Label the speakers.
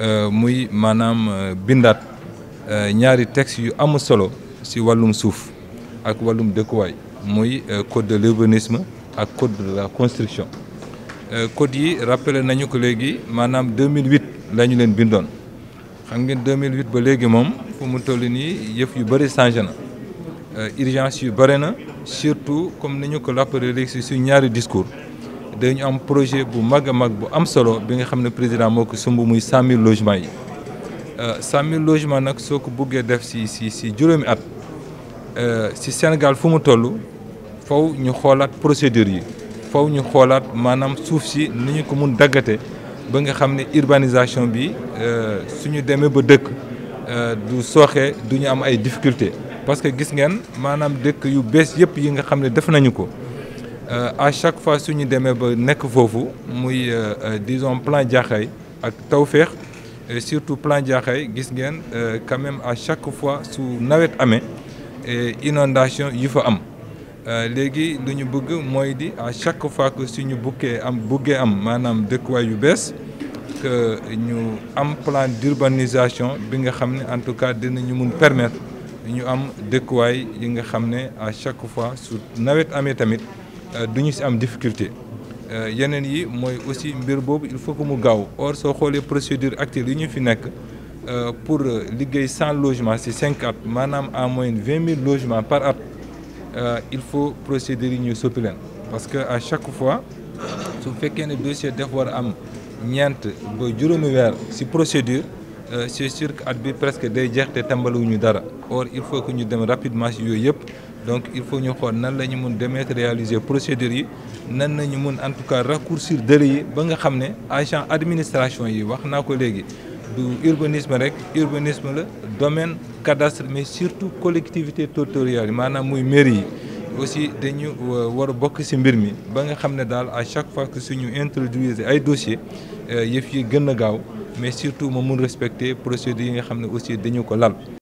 Speaker 1: Euh, muy maanaam euh, bindaat euh, ñaari texte yu am solo si wàllum suuf ak wàllum dëkkuwaay muy code de l'urbanisme ak code de la construction code yi rappelé nañu ko léegi maanaam 2008 la ñu leen bindoon xam ngeen 2008 ba léegi moom fu mu toll nii yëf yu bëri changé na urgence yu bari na surtout comme nañu ko rappelé léegi si suñu ñaari discours dañu am projet bu mag a mag bu am solo bi nga xam ne président moo ko sumb muy 100000 logements yi 100000 euh, logements nag soo ko buggee def si si si juróomi at euh, si Sénégal fu mu toll faw ñu xoolaat procédures yi faw ñu xoolaat maanaam suuf si ni ñu ko mun daggate ba nga xam ne urbanisation bi euh, suñu demee ba dëkk du sooxee du ñu am ay difficultés parce que gis ngeen maanaam dëkk yu bees yëpp yi nga xam ne def nañu ko. Euh, à chaque fois suñu demee ba nek fofu muy euh, euh, disons plan Jaxaay ak et surtout plan Jaxaay gis ngeen quand même à chaque fois su nawet amee inondation yu fa am euh, légui ñu bëgg moy di à chaque fois que suñu bukkee am buggee am maanaam dëkkuwaay yu bees que ñu am plan d'urbanisation bi nga xamné en tout cas dinañu mun permettre ñu am dëkkuwaay yi nga xamné à chaque fois su nawet amé tamit nous euh, avons des difficultés. Euh, Yenen yi moy aussi mbir il faut que mu gaw or so xolé procédure ñu fi nek euh, pour liguey sans logement c'est 5 at moins de 20 000 logements par at il faut procéder ñu sopilen parce que à chaque fois si fekkene dossier def war am ñent ba Ces procédures ci procédure euh, c'est sûr que bi presque day jeex te tàmbaliwuñu dara or il faut que ñu dem rapidement si yooyu donc il faut ñu xool nan lañu ñu dématérialiser procédures yi nan nañu mun en tout cas raccourcir délai. yi ba nga xamné agent administration yi wax naa ko légui du urbanisme rek urbanisme le domaine cadastre mais surtout collectivité territoriale manam muy mairie aussi dañu euh, war a bokk si mbir mi ba nga xamné dal à chaque fois que suñu introduire ay dossiers euh, yef yi gëna a gaaw mais surtout mon mun respecter procédures yi nga xam ne aussi dañu ko lal